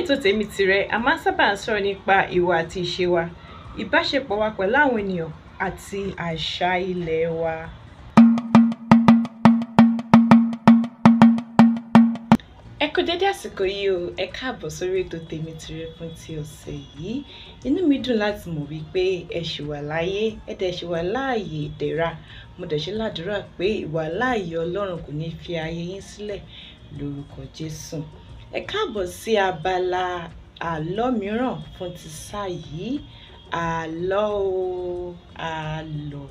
ètò tèmi tìrẹ a máa ń sábà ń sọ̀rọ̀ nípa ìwà àti ìṣe wa ìbáṣepọ̀ wa pẹ̀lú àwọn ènìyàn àti àṣà ilẹ̀ wa. ẹ kú dédé àsìkò yìí o ẹ káàbọ̀ sórí ètò tèmi tìrẹ fún ti ọ̀sẹ̀ yìí inú mi dùn láti mọ̀ wípé ẹ ṣì wà láyé ẹ dẹ̀ ṣì wà láàyè ìdẹ̀ra mo dẹ̀ ṣe ládùúrà pé ìwà láàyè ọlọ́run kò ní fi ayé yín sílẹ̀ lórúkọ jésù ẹ káàbọ̀ sí abala àlọ́ mìíràn fún ti sáà yìí àlọ́ o àlọ́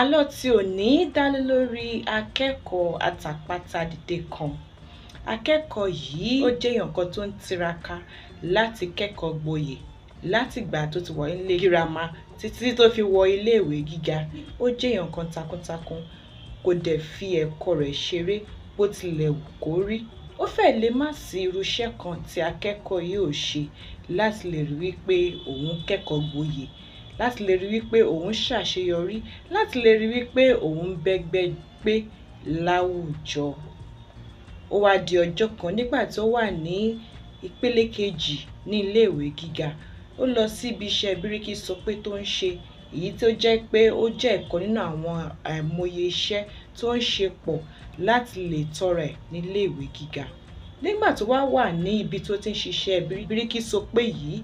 àlọ́ tí ò ní dálé lórí akẹ́kọ̀ọ́ àtàpátá dìde kan akẹ́kọ̀ọ́ yìí ó jẹ́ èèyàn kan tó ń tiraka láti kẹ́kọ̀ọ́ gboyè látìgbà tó ti wọ ilé girama títí tó fi wọ iléèwé gíga ó jẹ́ èèyàn kan takuntakun kò dẹ̀ fi ẹ̀kọ́ rẹ̀ ṣeré bó tilẹ̀ wù kó rí ó fẹ́ẹ̀ lè má sí irúṣẹ́ kan tí akẹ́kọ̀ọ́ yóò ṣe láti lè rí wípé òun kẹ́kọ̀ọ́ gboyè láti lè rí wípé òun ṣàṣeyọrí láti lè rí wípé òun bẹ́gbẹ́ gbé láwùjọ. ó wá di ọjọ́ kan nígbà tó wà ní ìpele kejì ní iléèwé gíga ó lọ sí ibi iṣẹ́ bíríkì sọ pé tó ń ṣe èyí tó jẹ́ pé ó jẹ́ ẹ̀kọ́ nínú àwọn àìmọye iṣẹ́ tó ń ṣe pọ̀ láti lè tọrọ ẹ̀ níléèwé gíga nígbà tó wá wà ní ibi tó ti ń ṣiṣẹ́ bíríkìsópé yìí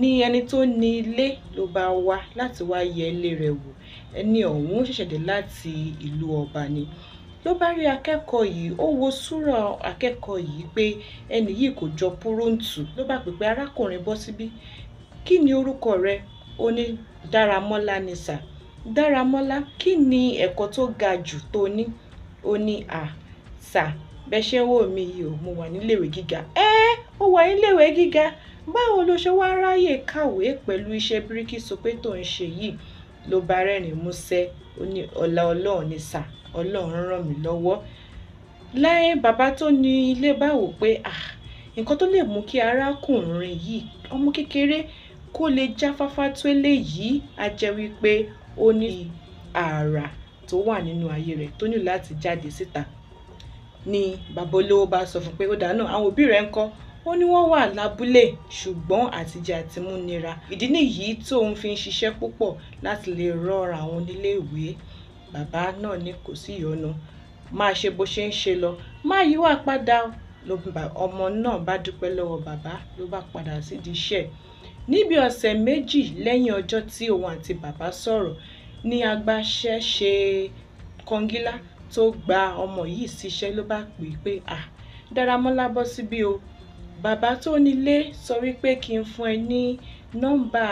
ni ẹni tó ní ilé ló bá wá láti wá yẹ ilé rẹ̀ wò ẹni ọ̀hún ṣẹ̀ṣẹ̀ dé láti ìlú ọba ni ló bá rí akẹ́kọ̀ọ́ yìí ó wo súrà akẹ́kọ̀ọ́ yìí pé ẹni yìí kò jọ púrúǹtù ló bá pè arákùnrin bọ́ síbí kí ni orúkọ rẹ ó ní Dáramọ́lá ni Dáramọ́lá kí ni ẹ̀kọ́ tó ga jù tó ní? Ó ní à, sà, bẹ ṣe ń wò mí yìí o, mo wà nílé ìwé gíga. Ẹ́ ó wà nílé ìwé gíga. Báwo lo ṣe wá ráyè kàwé pẹ̀lú iṣẹ́ bíríkìsọ pé tó ń ṣe yìí? Ló bá rẹ́rìn músẹ́, ó ní ọlá Ọlọ́run ni sà, Ọlọ́run ràn mí lọ́wọ́. Lẹ́yìn bàbá tó ní ilé bá pé nǹkan tó lè mú kí arákùnrin yìí, ọmọ kékeré kó lè jáfáfá tó eléyìí, a jẹ́ wípé ó ní ààrà tó wà nínú ayé rẹ̀ tó ní láti jáde síta ni bàbá olówó bá sọ fún pé ó dáná àwọn òbí rẹ̀ ń kọ́ ó ní wọ́n wà lábúlé ṣùgbọ́n àtijẹ àtimú nira ìdí nìyí tóun fi ń ṣiṣẹ́ púpọ̀ láti lè rọra àwọn oníléèwé bàbá náà ní kò sí ìyọnu máa ṣe bó ṣe ń ṣe lọ máa yíwà padà ọmọ náà bá dúpẹ́ lọ́wọ́ bàbá ló bá padà sídìí iṣẹ́ ní bíi ọ̀sẹ̀ méjì lẹ́yìn ọjọ́ tí òun àti bàbá sọ̀rọ̀ ni agbaṣẹ́ṣe kọngílá tó gba ọmọ yìí síṣẹ́ ló bá pè é pé à Dáramọ́lá bọ́ síbí o bàbá tó nílé sọ wípé kí n fún ẹ ní nọ́mbà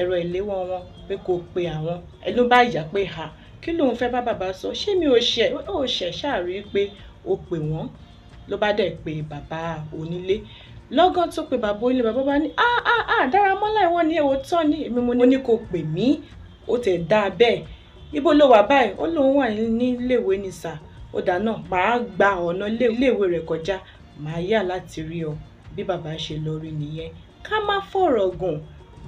ẹ̀rọ ìléwọ́ wọn pé kó pe àwọn ẹ ló bá yà pé à kí lòun fẹ́ bá bàbá sọ ṣé mi ò ṣẹ̀ ó ṣẹ̀ ṣáà rí i pé ó pè wọ́n ló bá dẹ̀ pé bàbá onílé lọ́gán tó pe bàbá ilé bàbá bá ní ah ah ah Dáramọ́lá ìwọ ni èwo tán ní èmi mo ní kò pè mí ó tẹ̀ dáa bẹ́ẹ̀ ibo ló wà báyìí ó lóun wà níléèwé ni sà ó dà náà màá gba ọ̀nà iléèwé rẹ̀ kọjá màá yà láti rí ọ bí bàbá ṣe lọ rí nìyẹn ká má fọ̀rọ̀ gùn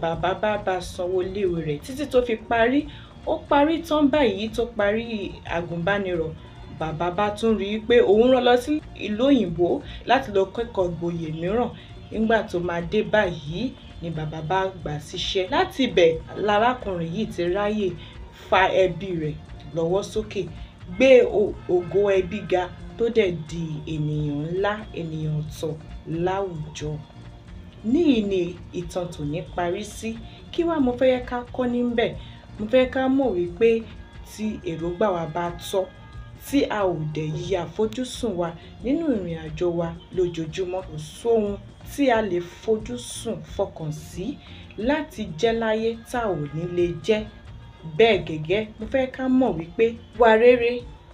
bàbá bá bá sanwó iléèwé rẹ̀ títí tó fi parí ó parí tán báyìí tó parí àgùnbánirọ̀ bàbá bá tún rí i pé òun rán lọ sí ìlú òyìnbó láti lọ kẹ́kọ̀ọ́ gboyè mìíràn nígbà tó máa dé báyìí ni bàbá bá gbà síṣẹ́ láti ibẹ̀ lárákùnrin yìí ti ráyè fa ẹbí rẹ̀ lọ́wọ́ sókè gbé ògo ẹbí ga tó dẹ̀ di ènìyàn ńlá ènìyàn ọ̀tọ̀ láwùjọ níyì ni ìtàn tòní parí sí kí wàá mo fẹ́ yẹ ká kọ́ níbẹ̀ mo fẹ́ ká mọ̀ wípé tí èròǹgbà wa bá tọ́ tí a ò dẹ̀ yí àfojúsùn wa nínú ìrìn àjò wa lójoojúmọ́ kò sóhun tí a lè fojúsùn fọkàn sí láti jẹ́ láyé tá ò ní lè jẹ́ bẹ́ẹ̀ gẹ́gẹ́ mo fẹ́ ká mọ̀ wípé wà rere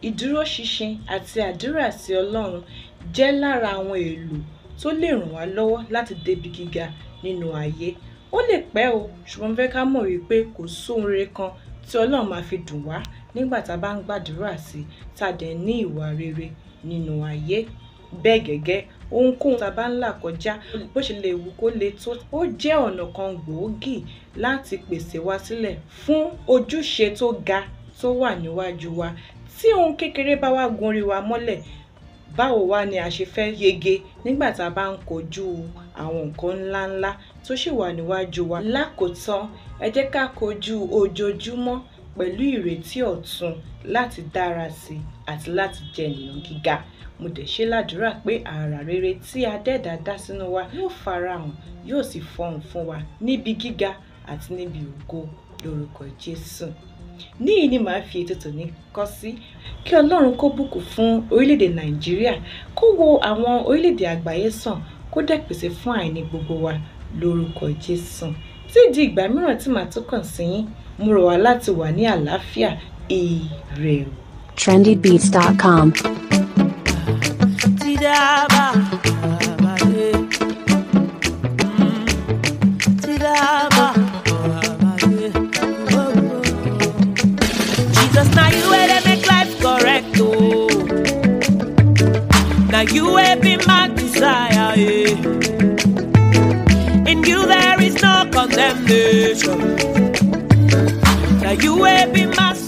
ìdúróṣinṣin àti àdúrà sí ọlọ́run jẹ́ lára àwọn èlò tó lè ràn wá lọ́wọ́ láti débi gíga nínú ayé ó lè pẹ́ o ṣùgbọ́n mo fẹ́ ká mọ̀ wípé kò sóhun rere kan tí ọlọ́run máa fi dùn wá nígbà tá a bá ń gbàdúrà sí tá a dẹ̀ ní ìwà rere nínú ayé bẹ́ẹ̀ gẹ́gẹ́ ohunkóhun tá a bá ń là kọjá bó ṣe lè wù kó le tó ó jẹ́ ọ̀nà kan gbòógì láti pèsè wa sílẹ̀ fún ojúṣe tó ga tó wà níwájú wa tí ohun kékeré bá wá gun wa mọ́lẹ̀ báwo wá ni a ṣe fẹ́ yege nígbà tá a bá ń kojú àwọn nǹkan ńláńlá tó sì wà níwájú wa. lákòótán ẹ jẹ́ ká kojú ojoojúmọ́ pẹ̀lú ìrètí ọ̀tun láti dára sí i àti láti jẹ ènìyàn gíga mo dẹ̀ ṣe ládùúrà pé àrà rere tí adẹ́ẹ̀dá dá sínú wa yóò farahàn yóò sì fọhùn fún wa níbi gíga àti níbi ògo lórúkọ Jésù níyìí ni màá fi ètò tòní kọ́ sí kí ọlọ́run kó bùkún fún orílẹ̀-èdè nàìjíríà kó wo àwọn orílẹ̀-èdè àgbáyé sàn kó dẹ̀ fún àìní gbogbo wa lórúkọ jésù tí di ìgbà mìíràn tí màá tó kàn sí yín mo rọ̀ wá láti wà ní àlàáfíà ire trendybeats.com. be my desire. Yeah. In you there is no condemnation. That you will be my